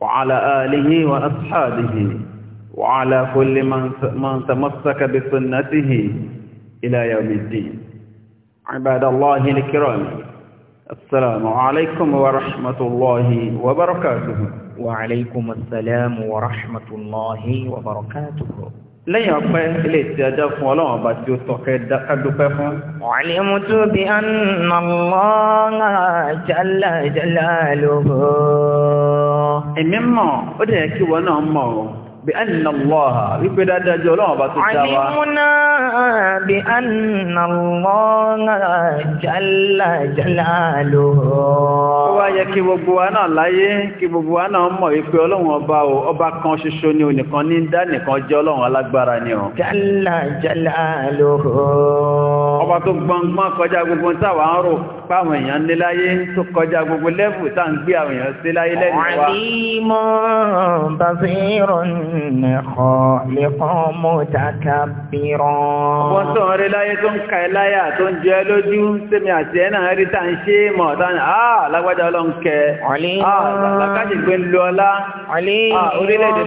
وعلى آله وأصحابه وعلى كل من من تمسك بسنته إلى يوم الدين عباد الله الكرام السلام عليكم ورحمة الله وبركاته وعليكم السلام ورحمة الله وبركاته lẹ́yìn ọpẹ́ ilé ìtì ẹjọ́ fún ọlọ́run ọba tí ó tọ́kẹ́ dúpẹ́ fún. wàlímù tó bí annàlọ́nà jálà jálà lóhùn. èmi mọ̀ ó dẹ̀ kí wọ́n náà mọ̀ bí annàlọ́ha wípé dájájọ́ ọlọ́wọ́ bá tó dáwà alimuna bí annàlọ́ha jalla jalaluhu ó wá yẹ kí gbogbo wa náà láyé kí gbogbo wa náà mọ̀ wípé ọlọ́wọ́ ọba o ọba kan ṣoṣo ni onìkan ní dá jẹ́ ọlọ́wọ́ alágbára ni o ọba tó gbọngbọ́n kọjá gbogbo táwa ń rò páwọn èèyàn ní láyé tó kọjá gbogbo lẹ́fù tá à ń gbé àwọn èèyàn sí láyé lẹ́nu wa. àdìmọ̀ bàbá ìrọ̀lẹ́ خالقا متكبرا wọ́n tó ń láyé tó ń ka ẹláyà tó ń jẹ́ lójú sẹ́mi àti ẹ̀nà rí tá ń ṣe mọ̀ tán àà ah, lágbájá ọlọ́nkẹ́ ah, àlákájì pé ń lọ ọlá ah, orílẹ̀-èdè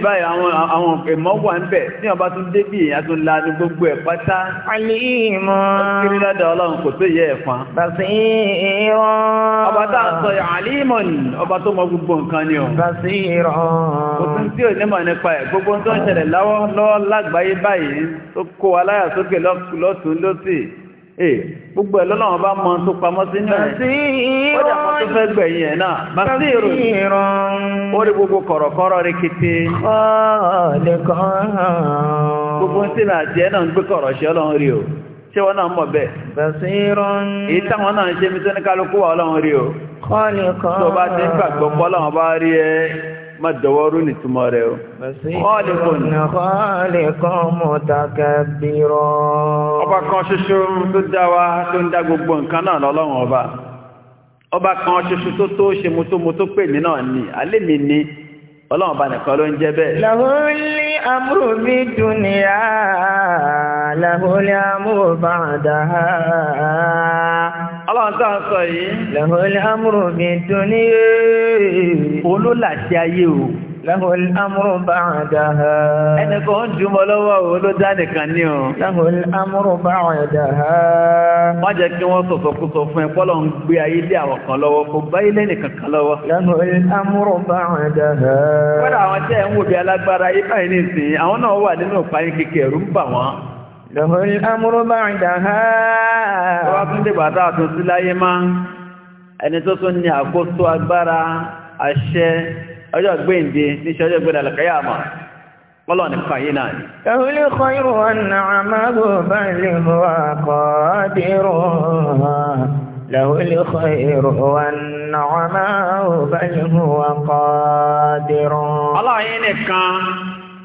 gbogbo tó ń ṣẹlẹ̀ lọ́wọ́ lágbàáyé báyìí tó kó aláyà sókè lọ́tún lọ́sì ee gbogbo ẹ̀ lọ́lọ́wọ́ bá mọ tó pamọ́ sí ní ọ̀rẹ́ ó dà mọ́ tó fẹ́ gbẹ̀yìn ẹ̀ náà bá sí ìròyìn ó rí gbogbo kọ̀rọ̀kọ́rọ̀ rí kété gbogbo sí náà jẹ́ náà ń gbé kọ̀rọ̀ ṣe ọlọ́run rí o ṣé wọ́n náà mọ̀ bẹ́ẹ̀ èyí táwọn náà ń ṣe mi tó ní kálukú wà ọlọ́run rí o tó bá ti ń gbàgbọ́ pọ́ ọlọ́run bá rí ẹ má dọwọ́rú ní túmọ̀ rẹ̀ o. Ọba kan ṣoṣo tó dá wa tó ń dá gbogbo nǹkan náà lọ́lọ́run ọba. Ọba kan ṣoṣo tó tó ṣe mutómutó pè ní náà ni, alẹ́ mi ni, ọlọ́run ọba nìkan ló ń jẹ́ bẹ́ẹ̀. Lahuli amru bi dunya, lahuli amru ba'daha ọlọ́run tàà sọ yìí. Lahul amru bid-dunya. Olólàṣẹ ayé o. Lahul amru ba'daha. Ẹni kò ń jùmọ̀ lọ́wọ́ o ló dáadé kan ní o. Lahul amru ba'daha. Wọ́n jẹ́ kí wọ́n sọ̀sọ̀ kú sọ fún ẹ pọ́lọ̀ ń gbé ayé lé àwọn kan lọ́wọ́ kò bá ilé nìkan kan lọ́wọ́. Lahul amru ba'daha. Kọ́dà ń wò wọ́n. Lọ́hùn amúrú bá ń dà ha. Wọ́n tún dìgbà tá a sí láyé máa ń ẹni tó tún ní àkóso agbára àṣẹ ọjọ́ gbéǹde níṣẹ́ ọjọ́ gbéǹde àlàkáyàmà. Ọlọ́ ní fàyé náà ni.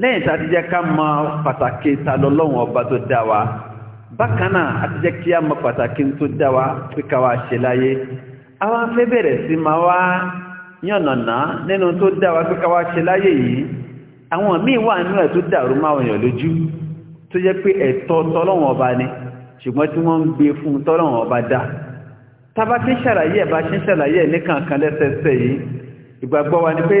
lẹ́yìn tí a ti jẹ́ ká mọ pàtàkì ta lọ́lọ́run ọba tó dá wa bákan náà a ti jẹ́ kí a mọ pàtàkì tó dá wa pé ká wa ṣe láyé àwọn afẹ́ bẹ̀rẹ̀ sí máa wá yànnàná nínú tó dá wa pé ká wa ṣe láyé yìí àwọn míì wà nínú ẹ̀ tó dàrú máa wọ̀nyàn lójú tó jẹ́ pé ẹ̀tọ́ tọ́lọ́run ọba ni ṣùgbọ́n tí wọ́n ń gbé fún tọ́lọ́run ọba dá tábà ṣàlàyé ẹ̀ bá ṣe ṣàlàyé ẹ̀ ní kankan lẹ́sẹẹsẹ yìí ìgbàgbọ́ wa ni pé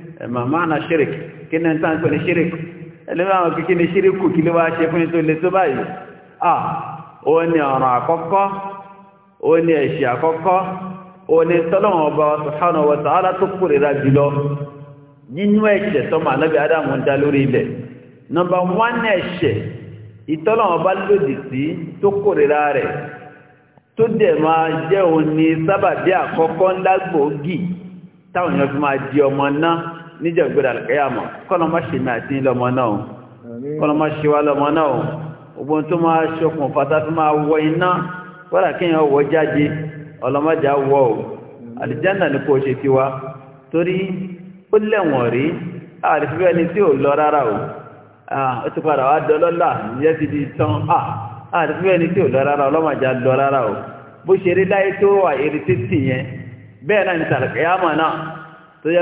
màmá ṣíríkì kí ní ẹ̀ntà ń pè ní ṣíríkì ẹlẹ́wọ̀n àwọn kìkí ní ṣíríkù kí ló wá ṣe fún ètò ilé tó báyìí à ó ní ọ̀ràn àkọ́kọ́ ó ní ẹ̀ṣẹ̀ àkọ́kọ́ ó ní tọ́lọ́wọ̀n ọba subhanahu wa ta'ala tó kórìíra jùlọ nínú ẹ̀ṣẹ̀ tó mà lọ́bẹ̀ ádámù dá lórí ilẹ̀ nọmba wán ẹ̀ṣẹ̀ ìtọ́lọ́wọ̀n ọba lòdì sí tó kórìíra rẹ̀ tó dẹ̀ máa jẹ́ òun ní sábàbí àkọ́kọ́ fi máa di ọmọ náà níjẹ̀ ògbèrè àlùkẹ́yàmọ̀ kọ́lọ́mọ́ ṣe mi àti ìlọmọ náà kọ́lọ́mọ́ ṣe wá lọmọ náà ogbó tó máa ṣokùn fata tó máa wọ iná wọ́n àkíyàn wọ jáde ọlọ́mọdé wọ ò àlìjánà ní kò ṣe tiwa torí ó lẹ́wọ̀n rí àrífẹ́ ẹni tí ò lọ rárá o ó ti padà wá dọlọ́lá ìyẹ́ ti di tán àrífẹ́ ẹni tí ò lọ rárá ọlọ́mọdé lọ rárá o bó ṣe rí láyé tó wà ìrètí tì yẹn bẹ́ẹ̀ náà ní tàlùkẹ́yàmọ̀ náà tó yẹ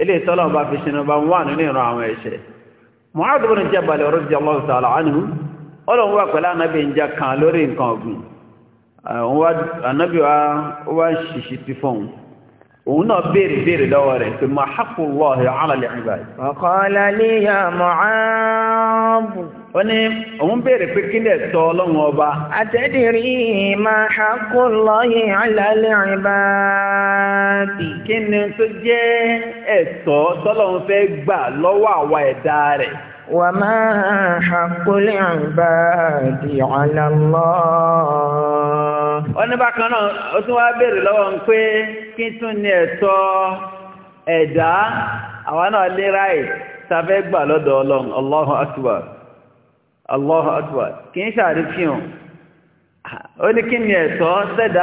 ilé ìtọ́lọ̀ bá fi ṣe nọba wà nínú ìran àwọn ẹ̀ṣẹ̀ Mu'adh bin Jabal radiyallahu ta'ala anhu ọlọ́run wà pẹ̀lú anábì ń já kan lórí nǹkan ọ̀gùn àwọn anábì wá ṣìṣì ti òun náà béèrè béèrè lọ́wọ́ rẹ̀ pé ma haqqullahi ala al-ibad. qala li ya Mu'adh. ó ní òun béèrè pé kí lè tọ́ ọlọ́run ọba. atadri ma haqqullahi ala al-ibad. kí ni tó jẹ́ ẹ̀tọ́ tọ́lọ́run fẹ́ gbà lọ́wọ́ àwa ẹ̀dá rẹ̀. وما حق العباد على الله wọ́n bákan náà ó tún wá bèèrè lọ́wọ́ ń pé kí tún ní ẹ̀tọ́ ẹ̀dá àwọn náà lè ráì tàbẹ́ gbà lọ́dọ̀ Allahu Akbar Allahu kí ni ẹ̀tọ́ sẹ́dá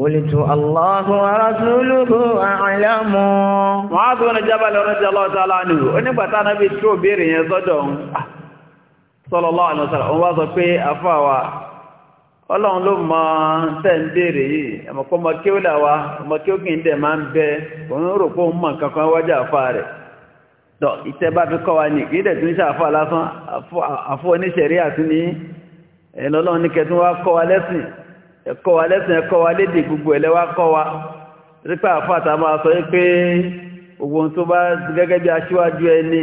قلت الله ورسوله أعلم معاذ بن جبل رضي الله تعالى عنه onígbà tí Ànábì tó béèrè yẹn sọ́dọ̀ ọ̀hún sallallahu alaihi wasallam wá sọ pé àfà wa Ọlọ́run ló mọ̀ tẹ́ ń ndị yìí àmọ́ kò mọ̀ ẹ̀kọ́ wa lẹ́sìn ẹ̀kọ́ wa lédè gbogbo ẹ̀lẹ́wà kọ́ wa rípa àfáàtà máa sọ pé ogun tó bá gẹ́gẹ́ bí aṣíwájú ẹni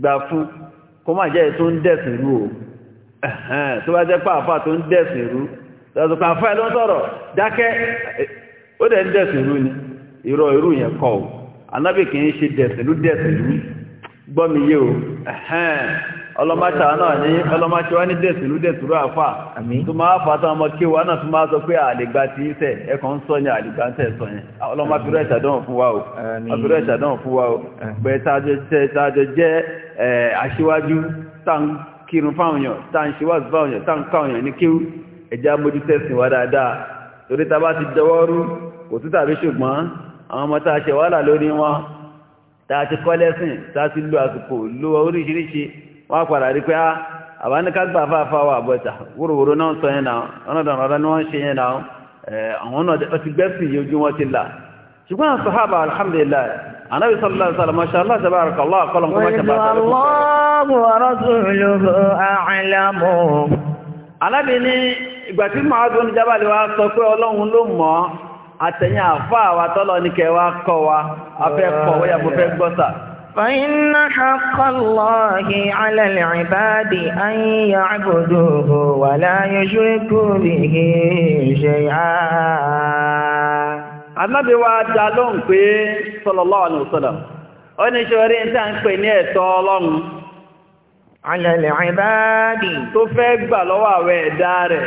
gbà fún kó má jẹ́ tó ń dẹ̀sìn rú o tó bá jẹ́ pàápàá tó ń dẹ̀sìn rú ó dẹ̀ irú o mi o ọlọ́mọ́ta náà ní ọlọ́mọ́ta wá ní dẹ̀sùlú dẹ̀sùlú àfà tó máa fàtà ọmọ kí wá náà tó máa sọ pé àlègbà ti ìsẹ̀ ẹkọ̀ ń sọ ní àlègbà tẹ̀ sọ yẹn ọlọ́mọ́fẹ́rẹ́ ìṣàdánwò fún wa o pẹ̀ tààjọ jẹ́ aṣíwájú tàn kírun fáwọnyàn tàn ṣíwájú fáwọnyàn tàn káwọnyàn ní kíw ẹjá mójú tẹ̀sìn wá dáadáa torí ta bá ti jọwọ́rú àwọn ọmọ tá ṣe wàhálà lórí wọn tá ti kọ́ lẹ́sìn tá ti lo àsìkò lo oríṣiríṣi wọ́n padà rí pé ah, àbá ní ká gbà fáfá wà bọ́ta ah, wúrúwúrú náà sọ yẹn náà ọ̀nàdànàdà ni wọ́n ṣe yẹn náà eh, àwọn náà ti gbẹ́sì yìí ojú wọn ti là alhamdulillah anabi sallallahu alaihi wasallam masha Allah tabarak Allah kọlọm kọmọ ṣẹba wa rasuluhu a'lamu alábi ní ìgbà tí máa dún jábàlì wa sọ pé ọlọ́run ló mọ̀ àtẹ̀yìn àfáà wa tọ́lọ ní kẹwàá kọ afẹ́ فإن حق الله على العباد أن يعبدوه ولا يشركوا به شيئا Ànábì wa dá lóhùn pé sallallahu alaihi wasallam. Ó ní ṣorí ń tàn pè ní ẹ̀tọ́ Ọlọ́run. Ala al-ibadi. Tó fẹ́ gbà lọ́wọ́ àwẹ̀ ẹ̀dá rẹ̀.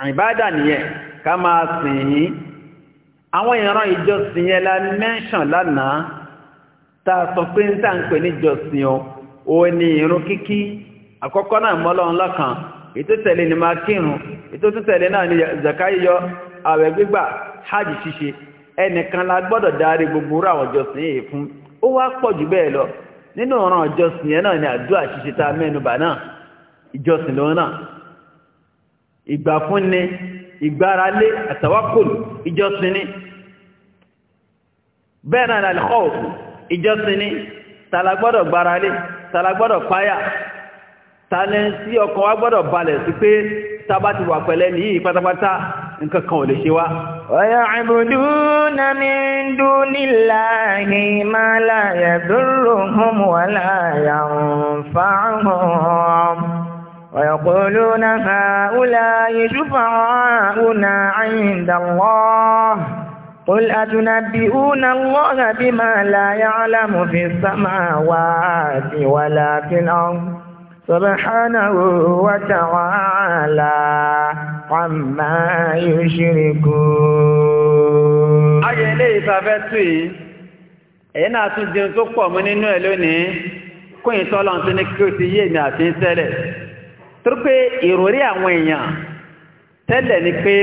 àìbádà nìyẹn ká máa sìn yín àwọn ìran ìjọsìn yẹn la mẹ́ṣàn lánàá tá a sọ pé ń tà ń pè níjọsìn o ò ní ìrun kíkí àkọ́kọ́ náà mọ́lọ́run lọ́kàn ètò tẹ̀lé ni máa kírun ètò tó tẹ̀lé náà ni zaka yíyọ àwẹ̀ gbígbà hajj ṣíṣe ẹnìkan la gbọ́dọ̀ darí gbogbo rú àwọn ìjọsìn yìí fún ó wá pọ̀ jù bẹ́ẹ̀ lọ nínú ọ̀ràn ìjọsìn yẹn náà ni àdúrà ṣíṣe tá a mẹ́nubà náà ìjọsìn lòun náà ìgbàfúnni ìgbáralé àtàwákùl ìjọsìnì bẹ́ẹ̀ náà al-khawf ìjọsìnì tàlà gbọ́dọ̀ gbáralé tàlà gbọ́dọ̀ páyà tàlẹ̀ sí ọkàn wa gbọ́dọ̀ balẹ̀ sí pé tábà ti wà pẹ̀lẹ́ ní pátápátá nǹkan kan ò lè ṣe wá. ọ̀yà àbùdúnà min dunillahi ma la yadurruhum wa la yanfa'uhum. ويقولون هؤلاء شفعاؤنا عند الله قل أتنبئون الله بما لا يعلم في السماوات ولا في الأرض سبحانه وتعالى عما يشركون ayé ilé ìfàfẹ́ tù yìí èyí náà tún jẹun tó pọ̀ mú nínú ẹ̀ torí pé ìròrí àwọn èèyàn tẹ́lẹ̀ ni pé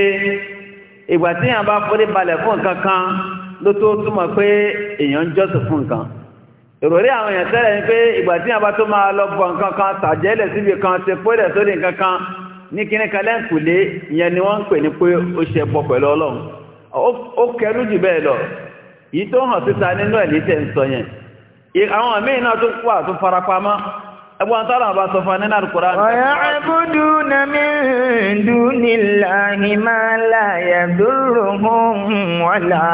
ìgbà tí èèyàn bá forí balẹ̀ fún nǹkan kan ló tó túmọ̀ pé èèyàn ń jọ́sìn fún nǹkan ìròrí àwọn èèyàn tẹ́lẹ̀ ni pé ìgbà tí èèyàn bá tó máa lọ bọ̀ nǹkan kan tàjẹ́lẹ̀ síbi kan ṣe pólẹ̀ sórí nǹkan kan ní kíní kan lẹ́ǹkùlé ìyẹn ni wọ́n ń pè ní pé ó ṣe pọ̀ pẹ̀lú ọlọ́run ó kẹrú jù bẹ́ẹ̀ lọ yìí tó hàn síta nínú ẹ̀ ẹgbọ́n tọ́rọ àbá sọ fún nínú Al-Qur'an. wa ya'buduna min dunillahi ma la yadurruhum wa la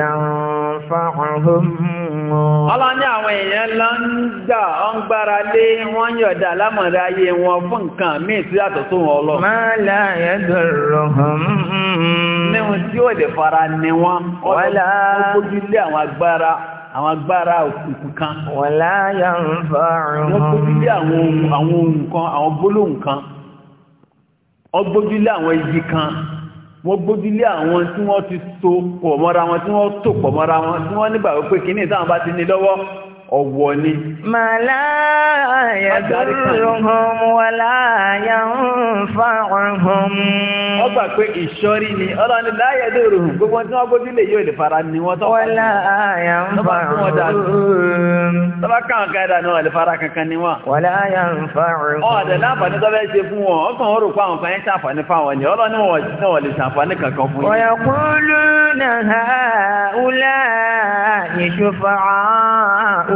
yanfa'uhum. ọlọ́ ní àwọn èèyàn lọ ń gbà ọ ń gbára lé wọ́n yọ̀dà lámọ̀rẹ́ ayé wọn fún nǹkan míì sí yàtọ̀ tó wọn lọ. ma la yadurruhum. níwọ̀n tí ó lè fara ni wọ́n. wọ́n lọ àwọn agbára òkùnkùn kan wọ̀lá ń fa àrùn àwọn ohun kan àwọn gbójúlé àwọn igi kan wọ́n gbójúlé àwọn tí wọ́n ti so pọ̀ mọ́ra wọn tí wọ́n tò pọ̀ mọ́ra wọn tí wọ́n nígbà wípé kìíní táwọn bá ti ní lọ́wọ́ ọwọ́ ní. Màlá yàdúrúhùn wàlá yàǹfààhùn. Wọ́n gbà pé ìṣọ́rí ni ọlọ́ni láyẹ̀dúrúhùn gbogbo tí wọ́n gbójú lè yóò lè fara ni wọ́n tọ́ wàlá yàǹfààhùn. Tọ́bá káwọn káyàdà ni wọ́n lè fara kankan ni wọ́n. Wàlá yàǹfààhùn. Ọ̀dẹ̀ láǹfààní tọ́bẹ̀ ṣe fún wọn, ọkàn ó rò pé àwọn kan ń ṣàǹfààní fáwọn ni ọlọ́ni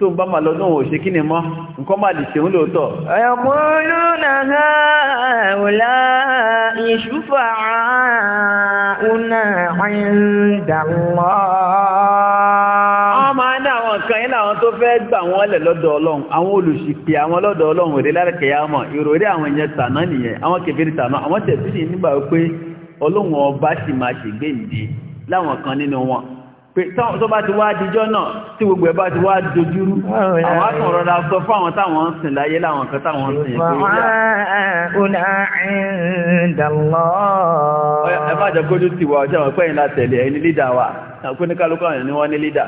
tó ń bá ma lọ náà òṣè kí ni mọ́ nǹkan máa lè ṣeun lóòótọ́. ọ̀yọ̀kúnlú náà ọ̀lá ìṣúfà ọ̀nà ìdàmọ́. wọ́n máa ní àwọn nǹkan yìí láwọn tó fẹ́ gbà wọ́n lẹ̀ lọ́dọ̀ ọlọ́run àwọn olùṣìpẹ̀ àwọn lọ́dọ̀ ọlọ́run ìròrí àwọn ìyẹn tàná nìyẹn àwọn tàná àwọn nígbà tó bá ti wá dijọ́ náà tí gbogbo ẹ̀ ti wá dojúrú oh, àwọn àtún rọra sọ fún àwọn táwọn sìn láyé láwọn kan táwọn sìn ìpínlẹ̀ ọ̀nà ìdàlọ́ ẹ má jẹ́ kójú ti wà ọjọ́ àwọn pẹ́yìn látẹ̀lẹ̀ ẹni lídà wa kó ní kálukú àwọn ni wọ́n ní lídà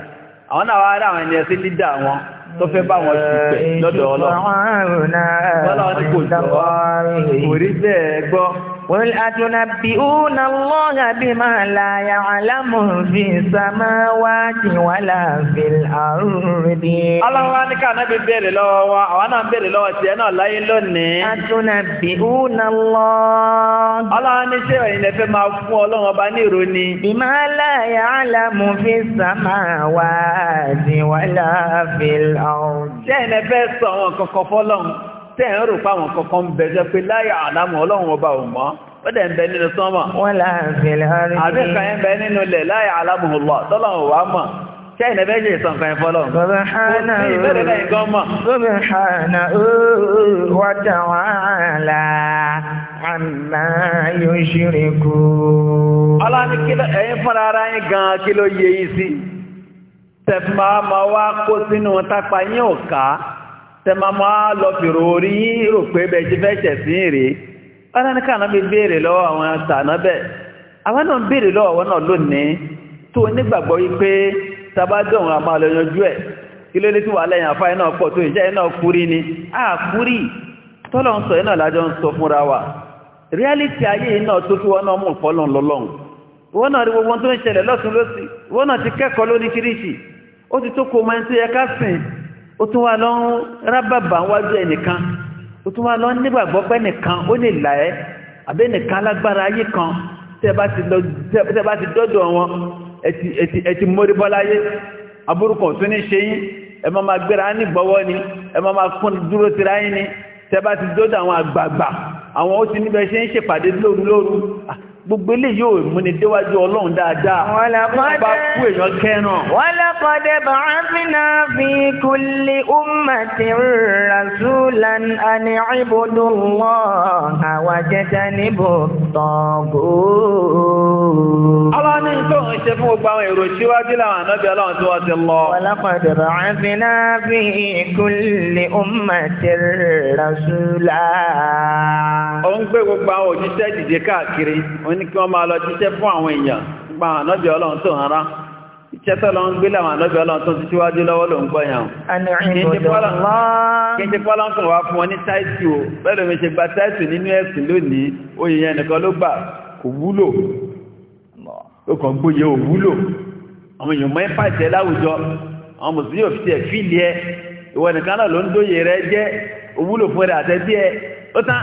àwọn náà wá rá àwọn ẹni ẹsí lídà wọn tó fẹ́ bá wọn ti pẹ̀ lọ́dọ̀ ọlọ́run قل أتنبئون الله بما لا يعلم في السماوات ولا في الأرض الله وانك نبي بيري لو وانا بيري لو سينا لا يلوني أتنبئون الله الله نشي وين في ما فو الله بانيروني بما لا يعلم في السماوات ولا في الأرض سينا في سوى tẹ́ ń rò fáwọn kọ̀kan bẹ̀jẹ́ pé láyà àlámù ọlọ́run ọba ò mọ̀ ó dẹ̀ ń bẹ nínú sánmà wọ́n láàrín àbí kan ń bẹ nínú lẹ̀ láyà àlámù ọlọ́ tọ́lọ́run wá kó sínú tápa yín ò tẹ ma lọ fèrò orí yín rò pé bẹ ṣe fẹ́ ṣẹ̀ sí rèé ọ̀nà ní kànáà bí béèrè lọ́wọ́ àwọn tànà bẹ́ẹ̀ àwọn náà béèrè lọ́wọ́ àwọn náà lónìí tó nígbàgbọ́ wípé tabadọ́n àmà lọ́yànjú ẹ̀ kí ló ni a kuri tọ́lọ̀ ń sọ iná lájọ ń sọ fúnra wa reality ayé náà tó kí wọ́n náà mú fọ́lọ̀ lọ́lọ́run wọ́n náà rí gbogbo tó ń ṣẹlẹ̀ lọ́tún lọ́sí wọ́n náà ti kẹ́kọ̀ọ́ ó ti tó kó ó tún wá lọ ń rábàbà wájú ẹnìkan ó tún wá lọ ń nígbàgbọ́ pé nìkan ó lè là ẹ́ àbẹ́ nìkan lágbára ayé kan tẹ́ bá ti dọ́dọ̀ wọn ẹ̀tì móríbọ́láyé abúrúkọ̀ tún ní ṣe yín ẹ máa máa gbéra ní gbọ́wọ́ ni ẹ máa máa kún dúró tira yín ni tẹ́ bá ti dọ́dọ̀ àwọn àgbààgbà àwọn ó ti níbẹ̀ ṣe ń ṣèpàdé lóru lóru gbogbo ilé yóò múni déwájú ọlọ́run dáadáa nípa kú èèyàn kẹ́ràn. walaqad ba'athna fi kulli ummatin rasulan an i'budu Allaha wajtanibu at-taghut. ọlọ́run ní tó ń ṣe fún gbogbo àwọn èrò síwájú làwọn ànábì ọlọ́run tí wọ́n ti lọ. walaqad ba'athna fi kulli ummatin rasulan. ó ń gbé gbogbo àwọn òjíṣẹ́ dìde káàkiri òun ní kí wọ́n máa lọ jíṣẹ́ fún àwọn èèyàn nípa ànábì ọlọ́run tó hàn rá iṣẹ́ tó lọ ń gbé láwọn ànábì ọlọ́run tó ti síwájú lọ́wọ́ ló ń gbọ́ yàn kí n ṣe pọ́lọ́ tó wá fún wọn ní táìsì o bẹ́ẹ̀ mi ṣe gba táìsì nínú ẹ̀sìn lónìí oyè yẹn nìkan ló gbà kò wúlò ó kàn gbóyè ò wúlò àwọn èèyàn mọ ìpàṣẹ láwùjọ àwọn mùsùlùmí òfin ẹ̀ fíìlì ẹ ìwọ nìkan ló ń dóye rẹ jẹ́ òwúlò fún ẹ àtẹ́bí ẹ ó tán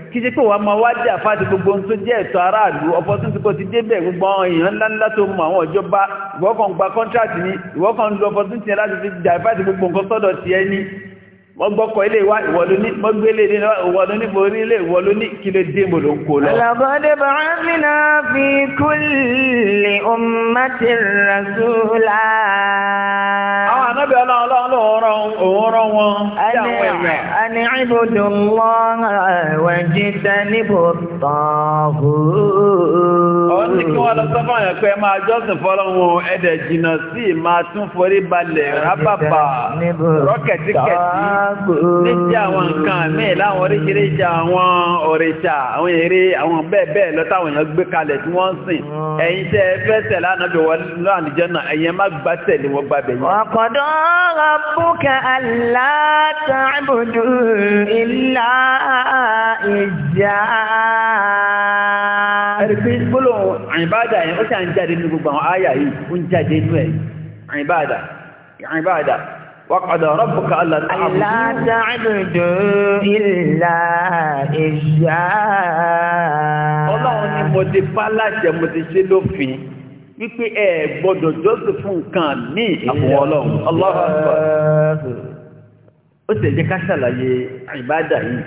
kí ṣe pé wà máa wájú àfáàtì gbogbo tó jẹ́ ẹ̀tọ́ aráàlú opportunity kò ti débẹ̀ gbogbo àwọn èèyàn tó mọ àwọn ìjọba ìwọ́kàn gba contract ni ìwọ́kàn lu opportunity yẹn láti fi jà àfáàtì gbogbo nǹkan sọ́dọ̀ ti ẹ ní mọ́gbọ́kọ̀ ilé wa àwọn ànábì ọlọ́run lọ́wọ́ wọn sí اعبدوا الله واجتنبوا الطاغوت ó ní kí yẹn pé máa jọ́sìn fọ́lọ́run ẹ̀dẹ̀ jìnnà sí máa tún forí balẹ̀ rábàbà rọ́kẹ̀tíkẹ̀tì níjẹ́ tẹ́ ẹ fẹ́ wọ́n lọ náà ẹ̀yin má gbá tẹ̀lé wọn gbá bẹ̀ yẹn. ọ̀kọ̀dọ̀ rabbuka allá ta'budu ìlà ìjà. ẹ̀rí pé gbólóhùn àyìnbáàdà yẹn ó ṣàn jáde ní gbogbo àwọn àyà yìí ó ń jáde inú ẹ̀ àyìnbáàdà àyìnbáàdà وقد ربك ألا تعبدوا إلا إياه ọlọ́run ni mo ti pa láṣẹ mo ti ṣe lófin wípé ẹ gbọ́dọ̀ jọ́sìn fún nǹkan míì àbúwọ́ ọlọ́run ọlọ́run ó sì jẹ́ ká ṣàlàyé ìbádà yìí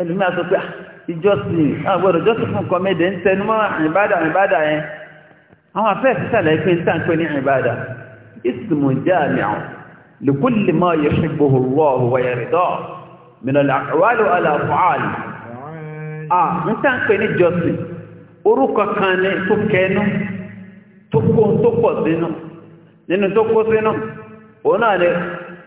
ẹlòmí a sọ pé ah, ìjọsìn àgbọ̀dọ̀ jọ́sìn fún nǹkan méde ń tẹnu mọ́ ìbádà ìbádà yẹn àwọn afẹ́ẹ̀sì ṣàlàyé pé níta ń pè ní ìbádà ismu jami'u li kulli ma yuhibbuhu Allahu wa yardah min al-aqwali wal af'al ah níta ń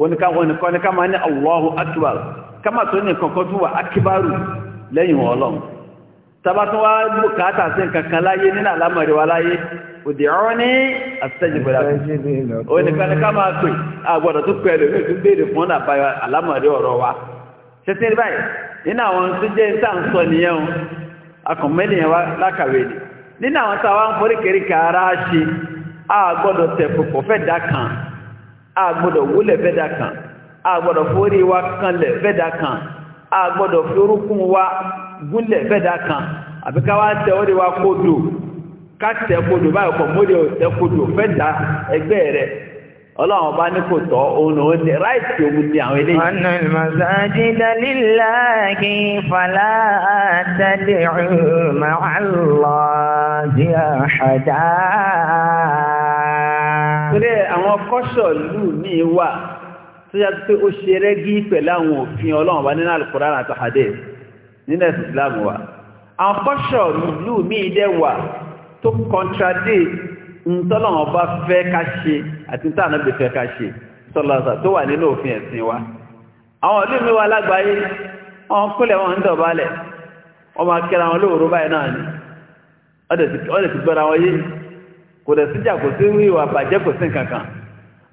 oníkan ká máa ní Allahu Akbar kama tó ní kankan tó wà akibaru lẹ́yìn ọlọ́run wá sí kankan láyé nínú àlámọ̀rí láyé òdìrọ́ní àtẹ́jìbọ̀dá oníkan àgbọ̀dọ̀ tó wa fẹ́ a gbọ́dọ̀ wólẹ̀ fẹ́dà kan a gbọ́dọ̀ wa kanlẹ̀ fẹ́dà kan a gbọ́dọ̀ wa gúnlẹ̀ fẹ́dà kan àbí ká wá tẹ orí wa kodò ká tẹ báyìí kọ̀ mórí ò tẹ fẹ́dà ẹgbẹ́ rẹ̀ ọlọ́run bá ní kò tọ́ òun ò ní ráìtì òun ní àwọn eléyìí. ọ̀nà ìmọ̀sáájì dalílá kí fàlà àtàlẹ́ ọ̀rùn máa lọ sí àṣàdá àwọn kọ́ṣọ̀lù ní wà tó yá pé ó ṣe rẹ́gí pẹ̀lú àwọn òfin ọlọ́run wa nínú Al-Qur'an àti hadith nínú ẹ̀sìn Islam wa àwọn kọ́ṣọ̀lù míì dẹ̀ wà tó contradict ntọ́lọ́run bá fẹ́ ká ṣe àti ntànà bí fẹ́ ká ṣe sọlọ́sà tó wà nínú òfin ẹ̀sìn wa àwọn ìlú mi wà lágbàáyé wọn ti gbọ́ra wọn yé kò dẹ̀ síjà kò sí wíwà bàjẹ́ kò sí nǹkan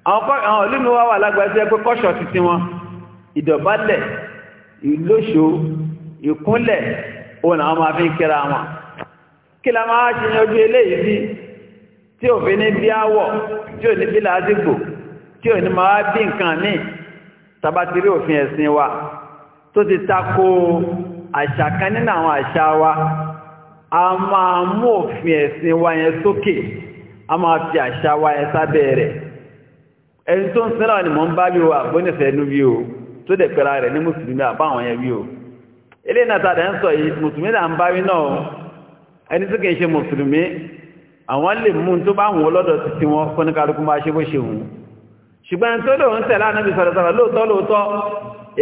àwọn olúmi wá wà lágbàáṣẹ́ pé kọ́ṣọ̀ títí wọn ìdọ̀bálẹ̀ ìlóṣò ìkúnlẹ̀ òun àwọn máa fi ń kíra wọn kí la máa ṣe yanjú eléyìí bí tí ò fi ní bí áwọ̀ tí ò ní bí lásìgbò tí ò ní máa bí nǹkan míì tabatiri òfin ẹ̀sìn wa tó ti tako àṣà kan nínú àwọn àṣà wa a máa mú òfin ẹ̀sìn wa yẹn sókè a máa fi àṣà wa yẹn sábẹ́ rẹ̀ ẹni tó ń sẹ́lọ̀ ni mọ́ ń bá bí o àgbónìfẹ́ inú bí o tó dẹ̀ pẹ̀lá rẹ̀ ní mùsùlùmí àbáwọn yẹn bí o ilé ìnàta rẹ̀ ń sọ yìí mùsùlùmí là ń bá wí náà ẹni tó kìí ṣe mùsùlùmí àwọn lè mú tó bá wọn lọ́dọ̀ títí wọn fúnikálukú máa ṣe bó ṣe wù ṣùgbọ́n tó lòun tẹ̀lá níbi sọ̀rọ̀sọ̀rọ̀ lóòótọ́ lóòótọ́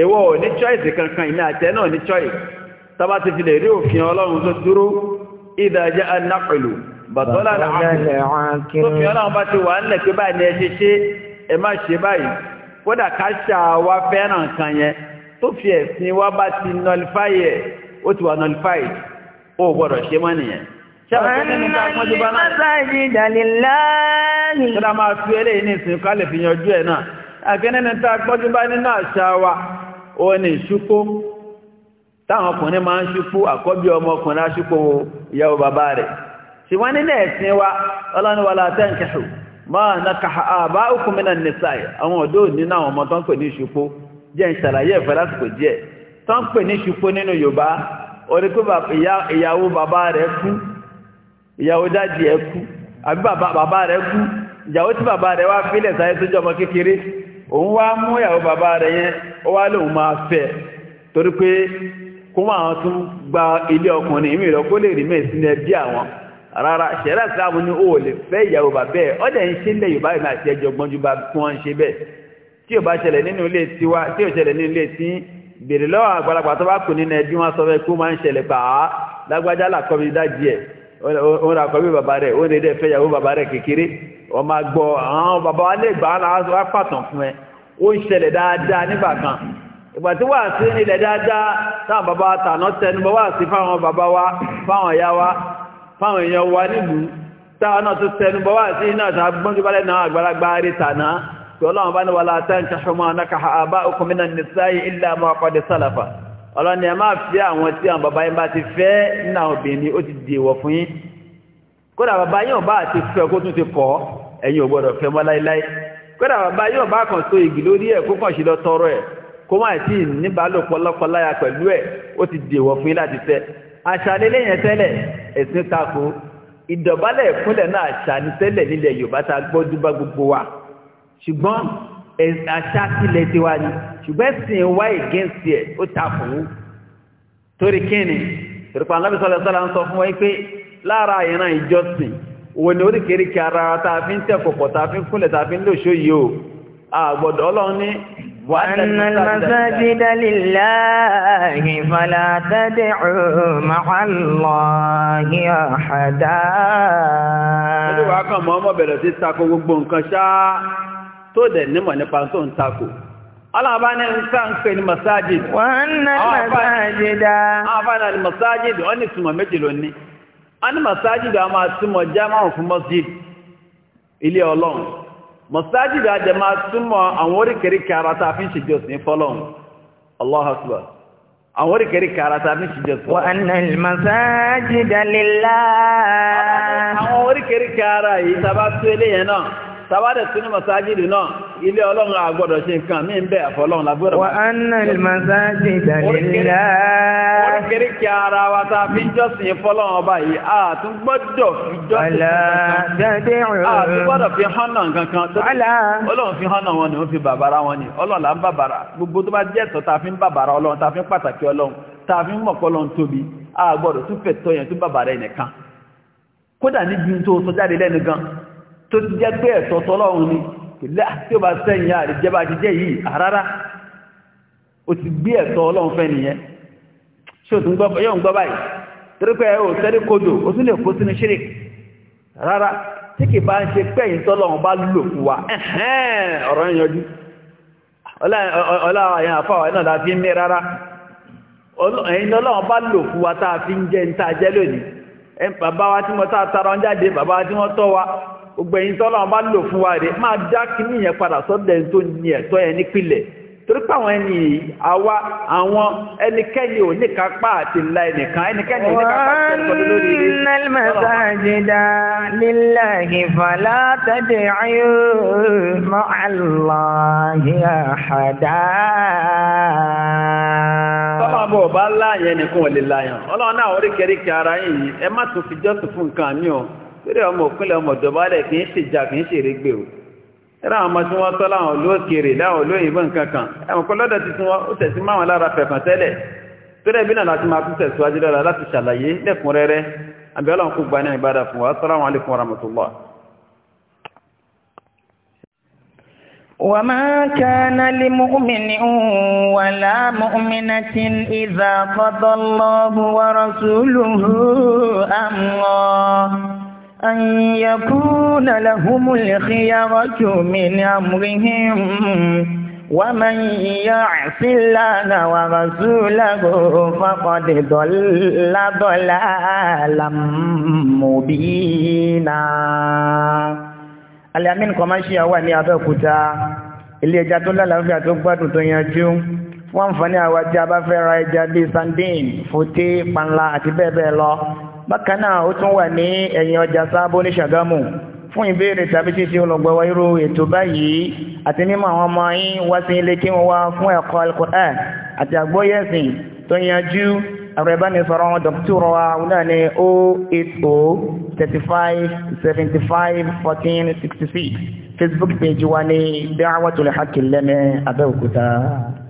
èwọ̀ ò ní choice kankan ìní àtẹ náà ní choice tọ́ba ti fi lè rí òfin ọlọ́run tó dúró ìdájẹ́ anápẹ̀lú bàtọ́lá náà tó fi ọlọ́run bá ti wà ń lẹ̀ pé báyìí ẹ ṣe ṣe ẹ má ṣe báyìí kódà káṣà wa fẹ́ràn kan yẹn tó fi ẹ̀sìn wá bá ti nullify ẹ̀ ó ti wà nullify ó gbọ́dọ̀ ṣe mọ́ nìyẹn Ṣọ́dá máa fi ẹlé ní ìsìn ká ni ta gbọ́jú bá nínú àṣà wa, ó ní ṣúkó. Táwọn ọkùnrin máa ń ṣúkó, àkọ́bí ọmọkùnrin aṣúkó ìyàwó bàbá rẹ̀. Ṣùgbọ́n nínú ẹ̀sìn wa, ọlọ́ni wà Ma na kàhà àbá òkúnmínà nìsáì àwọn ọ̀dọ́ nínú àwọn ọmọ tó ń pè ní ṣùpó jẹ́ ìṣàlàyé ẹ̀fẹ́ lásìkò díẹ̀ tó ń pè ní ṣùpó nínú Yorùbá orí pé ìyàwó bàbá rẹ̀ kú ìyàwó dájì ẹ̀ kú àbí bàbá rẹ̀ kú ìyàwó tí bàbá rẹ̀ wá fílẹ̀ sáyé tó jọmọ kékeré òun wá mú ìyàwó bàbá rẹ̀ yẹn ó wá lóun máa fẹ́ torí pé kó máa tún gba ilé ọkùnrin ìmìíràn kó lè rí mẹ́sìn ẹbí àwọn rárá ṣẹ̀rẹ́ ìsìláàmù ní o lè fẹ́ ìyàwó bà bẹ́ẹ̀ ọ́ dẹ̀ ń ṣe ilẹ̀ yorùbá ìmọ̀ àti ẹjọ́ gbọ́njú bá tí wọ́n ń ṣe bẹ́ẹ̀ tí ò bá ṣẹlẹ̀ nínú ilé tiwa tí ò ṣẹlẹ̀ nínú ilé tí bèrè lọ́wọ́ àgbàlagbà tó bá kù nínú ẹbí wọn sọ fẹ́ kó máa ń ṣẹlẹ̀ pa á lágbájá làkọ́bí dájì ẹ̀ òun làkọ́bí bàbá rẹ̀ òun lè dẹ̀ fẹ́ ìyàwó bàbá rẹ̀ kékeré wọ́n máa gbọ́ àwọn bàbá wa lè gbà á wá pàtàn wàá sí nílẹ̀ dáadáa táwọn bàbá wa tàná tẹnubọ́ wàá sí fáwọn bàbá wa fáwọn ìyá wa fáwọn èèyàn wa nílùú táwọn náà tó tẹnu bọ́ wá sí iná àgbọ́njú bá lẹ́nà àgbàlagbà rí tàná tí ọlọ́run bá ní wà látẹ́ ṣe ṣọmọ anákàá àbá okùnmínà nìsáyé ilẹ̀ àmọ́ ọkọ̀dẹ̀ sálàfà ọlọ́ni ẹ máa fi àwọn tí àwọn bàbá yín bá ti fẹ́ nínú àwọn obìnrin ó ti dèwọ̀ fún yín kódà bàbá yín ò bá ti fẹ́ kó tún ti kọ̀ ẹ̀yin ò gbọ́dọ̀ fẹ́ mọ́ láíláí kódà bàbá yín ò bá kàn so igi lórí ẹ̀ kó kàn sí lọ tọrọ ẹ̀ kó má ti níbàálòpọ̀ lọ́kọ láya pẹ̀lú láti fẹ́ àṣàlélé yẹn tẹ́lẹ̀ ẹ̀sìn tako ìdọ̀bálẹ̀ ìkúnlẹ̀ náà àṣà ní tẹ́lẹ̀ nílẹ̀ yorùbá ta gbọ́dú bá gbogbo wa ṣùgbọ́n àṣà tilẹ̀ tiwa ni ṣùgbọ́n ẹ̀sìn wá against ẹ̀ ó takò ó torí kíni torí pa alábi sọlẹ sọlá ń sọ fún wa pé lára ìran ìjọsìn òun ni oríkèéríkèé ara tá a fi ń tẹ̀ kọ̀kọ̀ tá fi ń kúnlẹ̀ tá fi ń lòṣó وأن المساجد لله فلا تدعوا مع الله أحدا Olúwa kan mọ́ ọmọ bẹ̀rẹ̀ sí tako gbogbo nǹkan ṣáá tó dẹ̀ nímọ̀ nípa tó ń tako. Aláàbá ní nǹkan ń pè ní masajid. Wọ́n ná masajida. Àfáànà ni masajid, wọ́n ní túnmọ̀ méjì lónìí. A ní masajid a máa túnmọ̀ jámáà fún masjid, ilé Ọlọ́run mọ̀sájìdá jẹma súnmọ́ àwọn oríkèríkè ara ta fi ń ṣe jọsìn fọ́lọ́hun Allahu Akbar àwọn oríkèríkè ara ta fi ṣe jọsìn wa annal masajida lillah àwọn oríkèríkè ara yìí tàbá tó eléyẹn náà tàbádẹ̀ sí ní masájìdì náà ilé ọlọ́run àgbọ́dọ̀ ṣe nǹkan mí ń bẹ àfọlọ́run lábúrò wà ánà ìmọ̀sájìdì àlèlá oríkèríkè ara wa ta fi ń jọ́sìn fọ́lọ́run ọba yìí àtún gbọ́dọ̀ fi jọ́sìn àtún gbọ́dọ̀ fi hánà kankan tó ọlọ́run fi hánà wọn ni ó fi bàbára wọn ni ọlọ́run là ń bàbára gbogbo tó bá jẹ́ ẹ̀tọ́ ta fi ń bàbára ọlọ́run ta fi ń pàtàkì ọlọ́run ta fi ń mọ̀kọ́lọ́run tóbi àgbọ́dọ̀ tún fẹ̀ tọ́yẹn tún bàbára ẹnìkan kódà níbi tó sọ jáde lẹ́nu gan tó ti jẹ́ pé ẹ̀tọ́ tọ́lọ́run ni ìlẹ́ tí ó bá sẹ́yìn àrí jẹba jíjẹ́ yìí àrárá ó ti gbé ẹ̀tọ́ ọlọ́run fẹ́ nìyẹn ṣe ò tún gbọ́ yóò ń gbọ́ báyìí torípẹ́ ò tẹ́rí kodò ó tún lè kó sínú ṣírì rárá tí kì bá ń ṣe pẹ́yìn tọ́lọ́run bá lò fún wa ẹ̀hẹ́n ọ̀rọ̀ yanjú bàbá wa tí wọ́n tá a tara jáde bàbá wa tí wọ́n tọ́ wa gbogbo ẹ̀yin tọ́lọ́ bá lò fún wa rẹ̀ máa dá kíní yẹn padà sọ́dẹ̀ tó ní ẹ̀tọ́ yẹn nípìnlẹ̀ torí pé àwọn ẹni àwa àwọn ẹnikẹ́ni ò ní kápá àti ńlá ẹnìkan ẹnikẹ́ni ò ní kápá àti ẹnìkan lórí rẹ̀. ọba láàyè nìkan ò lè láyàn ọlọ́run náà oríkèéríkèé ara yìí ẹ má tún fi jọ́sìn fún nǹkan mi o torí ọmọ òkúnlẹ̀ ọmọ ìdọ̀bálẹ̀ kìí ṣe ìjà kìí ṣe ìrégbè o ẹ̀rọ àwọn ọmọ tí wọ́n tọ́ láwọn olóòkèrè láwọn olóyìnbó nǹkan kan ẹ̀wọ̀n kan lọ́dọ̀ wọn ó tẹ̀sí máwọn lára fẹ̀kàn tẹ́lẹ̀ torí ẹbí náà láti máa tún tẹ̀síwájú lọ́la láti ṣàlàyé lẹ́kùnrẹ́rẹ́ وما كان لمؤمن ولا مؤمنة إذا قضى الله ورسوله أمرا أن يكون لهم الخيرة من أمرهم ومن يعص الله ورسوله فقد ضل ضلالا مبينا Al-Amin commercial wà ní Abẹ́òkúta ilé ẹja tó lálàáfíà tó gbádùn tó yanjú fún àǹfààní àwọn ajá bá fẹ́ ra ẹja bíi sandine fòté panla àti bẹ́ẹ̀ bẹ́ẹ̀ lọ bákan náà ó tún wà ní ẹ̀yìn ọjà sábó ní ṣàgámù fún ìbéèrè tàbí ṣíṣe olùgbọ̀wọ́ irú ètò báyìí àti mímọ̀ àwọn ọmọ yín wá sí ilé kí wọ́n wá fún ẹ̀kọ́ Al-Qur'an àti àgbóyẹ̀sìn tó yanjú ẹ̀rọ ìbánisọ̀rọ̀ àwọn dọ̀kítọ̀rọ̀ wa náà ní 080 Facebook page wa ní Da'watul Haqq Lẹ́mẹ̀ Abẹ́òkúta.